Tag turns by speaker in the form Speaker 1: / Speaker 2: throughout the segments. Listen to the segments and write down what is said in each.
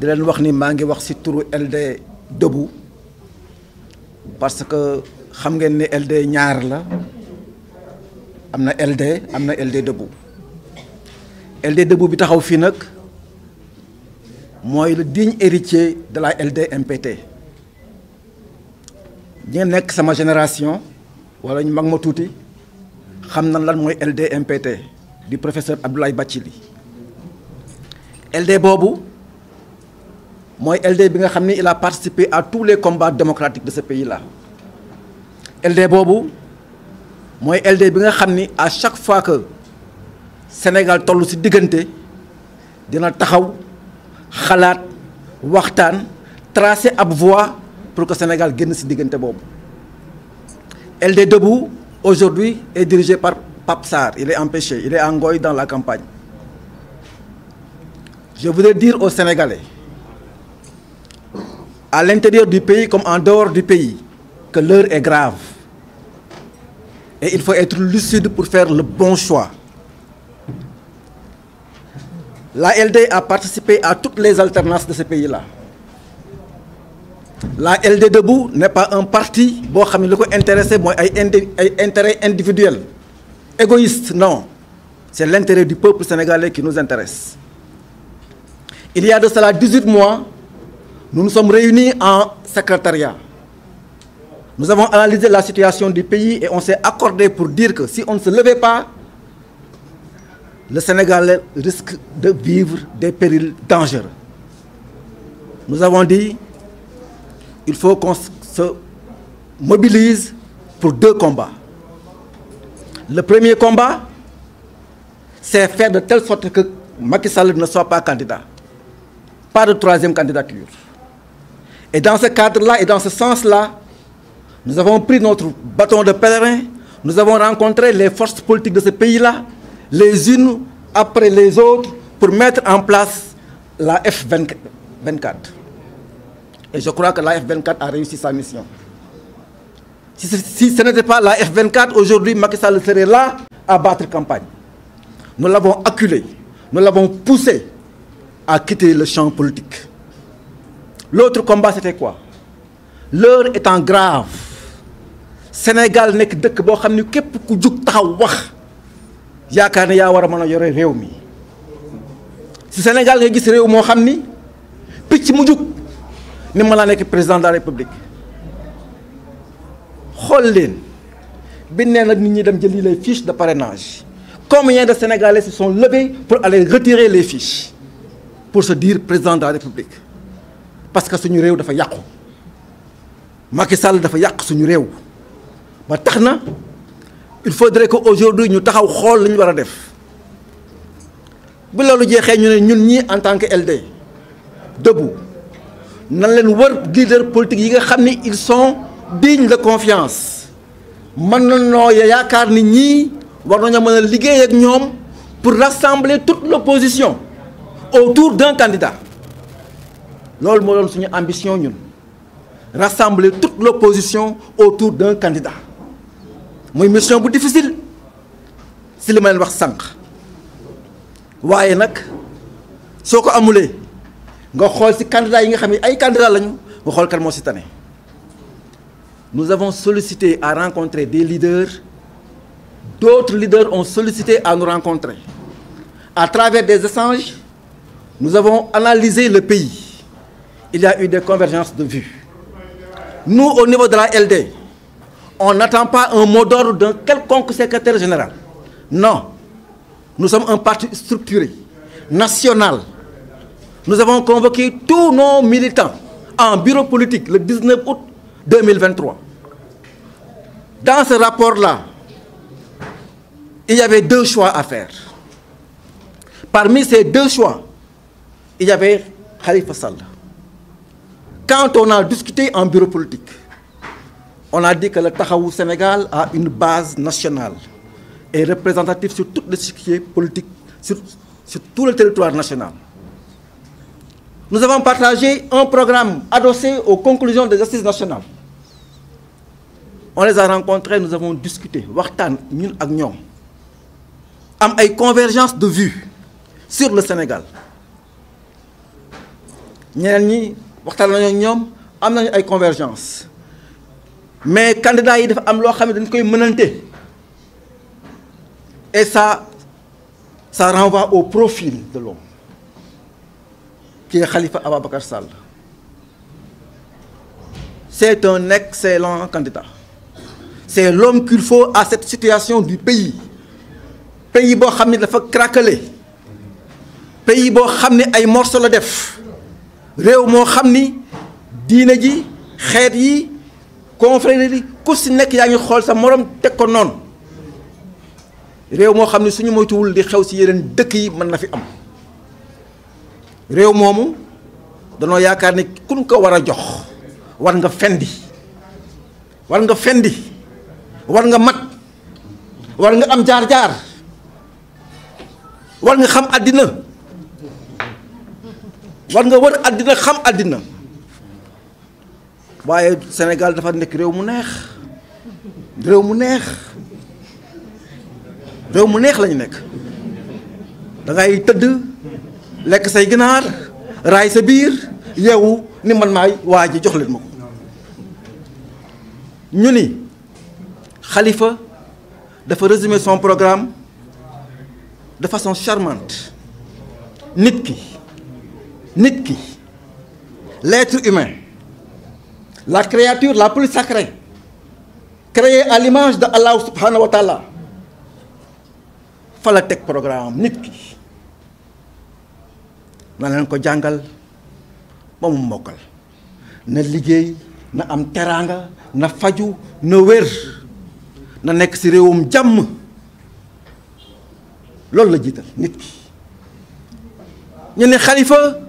Speaker 1: de leen wax ni maa ngi wax ci turu LD Debout parce que xam ngeen ni LD ñaar la am na LD am na LD Debout LD Debout bi taxaw fii nag mooy le digne héritier de la LD MPT ñi nekk sama génération wala ñu mag ma tuuti xam na lan mooy LD MPT di professeur Abdoulaye Bathily LD boobu moi, LD il a participé à tous les combats démocratiques de ce pays là LD Bobo, moi, LD à chaque fois que Sénégal a ci dégainé, il a tracé waxtaan voie pour que Sénégal génn ci diggante LD debout aujourd'hui est dirigé par Pape Sarr il est empêché il est en dans la campagne je voudrais dire aux Sénégalais à l'intérieur du pays comme en dehors du pays, que l'heure est grave. Et il faut être lucide pour faire le bon choix. La LD a participé à toutes les alternances de ce pays-là. La LD Debout n'est pas un parti qui est intéressé à intérêts individuel. égoïste, non. C'est l'intérêt du peuple sénégalais qui nous intéresse. Il y a de cela 18 mois, nous nous sommes réunis en secrétariat. Nous avons analysé la situation du pays et on s'est accordé pour dire que si on ne se levait pas, le Sénégal risque de vivre des périls dangereux. Nous avons dit il faut qu'on se mobilise pour deux combats. Le premier combat, c'est faire de telle sorte que Macky Sall ne soit pas candidat. Pas de troisième candidature. Et dans ce cadre-là et dans ce sens-là, nous avons pris notre bâton de pèlerin, nous avons rencontré les forces politiques de ce pays-là, les unes après les autres, pour mettre en place la F-24. Et je crois que la F-24 a réussi sa mission. Si ce, n'était pas la F-24, aujourd'hui, Macky Sall serait là à battre campagne. Nous l'avons acculé, nous l'avons poussé à quitter le champ politique. L'autre combat, c'était quoi L'heure étant grave, Sénégal n'est que bo xamni ne képp ku juk taxaw wax yaakaar ya wara war yoré mi si Sénégal nga gis réew mo xamni picc mu juk ni ma président de la république Xol leen bi nee nit ñi dem les fiches de parrainage combien de Sénégalais se sont levés pour aller retirer les fiches pour se dire président de la république parce que suñu n'est dafa Macky Sall dafa yàq suñu il faudrait qu'aujourd'hui nous ñu taxaw li ñu def bu en tant que debout nan leen wër leader ils sont dignes de confiance mën na y yaakaar ni nous war pour rassembler toute l'opposition autour d'un candidat loolu moo suñu ambition ñun rassembler toute l'opposition autour d'un candidat une mission bu difficile C'est le ma sang. wax sànq waaye nag soo candidat. nga xool si candidats yi nga xam candidats lañu nous avons sollicité à rencontrer des leaders d'autres leaders ont sollicité à nous rencontrer à travers des échanges nous avons analysé le pays il y a eu des convergences de vues. Nous, au niveau de la LD, on n'attend pas un mot d'ordre d'un quelconque secrétaire général. Non. Nous sommes un parti structuré, national. Nous avons convoqué tous nos militants en bureau politique le 19 août 2023. Dans ce rapport-là, il y avait deux choix à faire. Parmi ces deux choix, il y avait Khalifa Salah. Quand on a discuté en bureau politique, on a dit que le Tahaou Sénégal a une base nationale et représentative sur tout les politique, sur, sur tout le territoire national. Nous avons partagé un programme adossé aux conclusions des assises nationales. On les a rencontrés, nous avons discuté, Wartan, ñun Agnon, am convergence de vues sur le Sénégal Nous il y a ñoom am ay convergence mais candidat yi dafa am loo xam ne dañ koy et ça ça renvoie au profil de l'homme qui est Khalifa Ababakar Sall c'est un excellent candidat c'est l'homme qu'il faut à cette situation du pays pays qui a ne dafa craquelé pays qui a ne ay morceaux la def réew moo xam ni diine ji xeet yi confrère yi ku si nekk yaa ngi xool sa morom teg ko noonu réew moo xam ni suñu moytuwul di xew si yeneen dëkk yi mën na fi am réew moomu danoo yaakaar ni ku ko war a jox war nga fendi war nga fendi war nga mat war nga am jaar-jaar war nga xam àddina war nga wër adina xam adina waye Sénégal dafa nek rew mu neex rew mu neex rew mu neex lañu nek da ngay teud lek say ginar ray sa bir yewu ni man may waji jox leen mako ñu ni Khalifa dafa résumer son programme de façon charmante nit ki nit ki l'être humain la créature la plus sacrée créée à l'image de Allah subhanahu wa fa la teg programme nit ki na leen ko jàngal ba mu mbokkal na liggéey na am teraanga na faju na wér na nekk ci réewum jàmm loolu la jiital nit ki ñu ne xalifa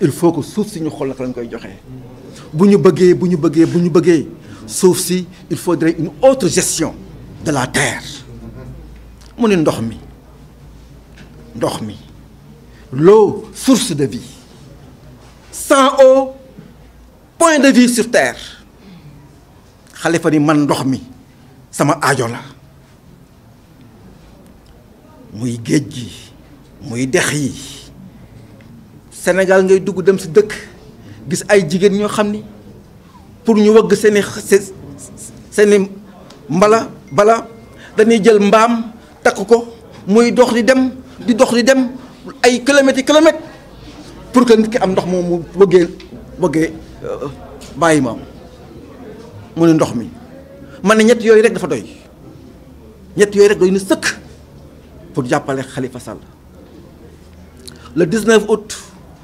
Speaker 1: il faut que suuf si ñu xol naka lañ koy joxé bu ñu bëggee bu ñu bëggé bu si il faudrait une autre gestion de la terre mu ne ndox mi ndox mi l'eau source de vie sans eau point de vie sur terre khalifa ni man ndox mi sama aajo la muy géej muy dex Sénégal ngay dugg dem si dëkk gis ay jigéen ñoo xam ni pour ñu wëgg seeni seeni mbala bala dañuy jël mbaam takk ko muy dox di dem di dox di dem ay kilomètres yi pour que nit ki am ndox moom mu bëggee euh, bàyyi maam mu ne ndox mi man ne ñett yooyu rek dafa doy ñett yooyu rek doy sëkk pour jàppale xalifa Sall le 19 août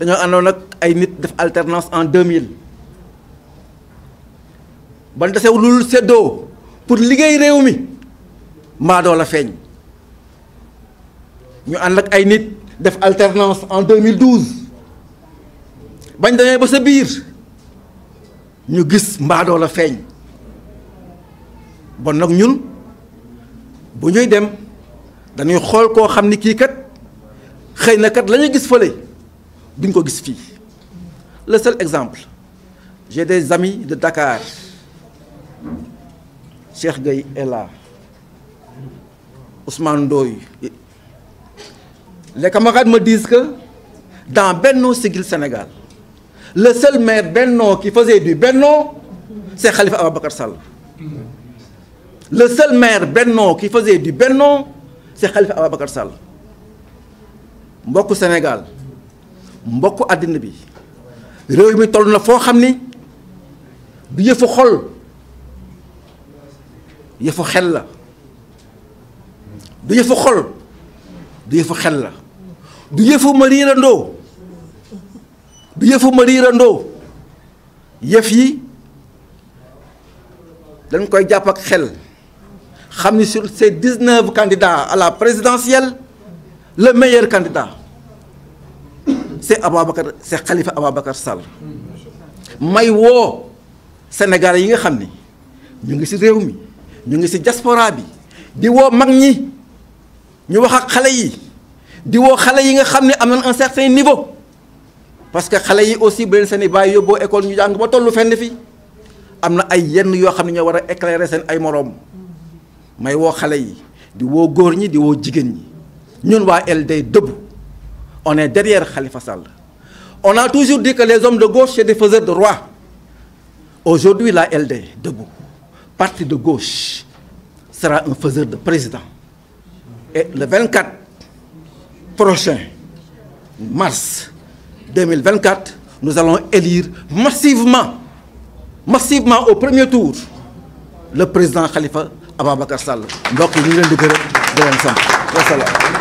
Speaker 1: Nous àndoon ak ay nit def alternance en 2000 ban dese lul seddo pour liggéey réew mi la feeñ ñu ànd ay nit def alternance en 2012 bañ demee ba sa biir ñu gis la bon ñun bu ñuy dem dañuy ni kat kat gis le seul exemple j'ai des amis de Dakar Cheikh Gueye est là Ousmane Doy. les camarades me disent que dans Benno le Sénégal le seul maire Benno qui faisait du Benno c'est Khalifa Ababakarsal... le seul maire Benno qui faisait du Benno c'est Khalifa Ababakarsal... Sall Sénégal mbokk adina bi réew mi toll na foo du yëfu xol yëfu xel la du yëfu xol du yëfu xel la du yëfu du yëfu yi dañ koy sur ces 19 candidats à la présidentielle le meilleur candidat c'est Ababacar c'est Khalifa Ababacar Sall may woo Sénégalais yi nga xam ni ñu ngi si réew mi ñu ngi si diaspora bi di woo mag ñi ñu wax ak xale yi di woo xale yi nga xam ne am nañ un certain niveau parce que xale yi aussi bu leen seen i bàyyi yóbboo école ñu jàng ba tollu fenn fii am na ay yenn yoo xam ne ñoo war a éclairer seen ay moroom may woo xale yi di woo góor ñi di woo jigéen ñi ñun waa LD dëbb on est derrière Khalifa Sall. On a toujours dit que les hommes de gauche, étaient des faiseurs de roi. Aujourd'hui, la LD, debout, parti de gauche, sera un faiseur de président. Et le 24 prochain, mars 2024, nous allons élire massivement, massivement au premier tour, le président Khalifa Ababakar Sall. Donc, nous allons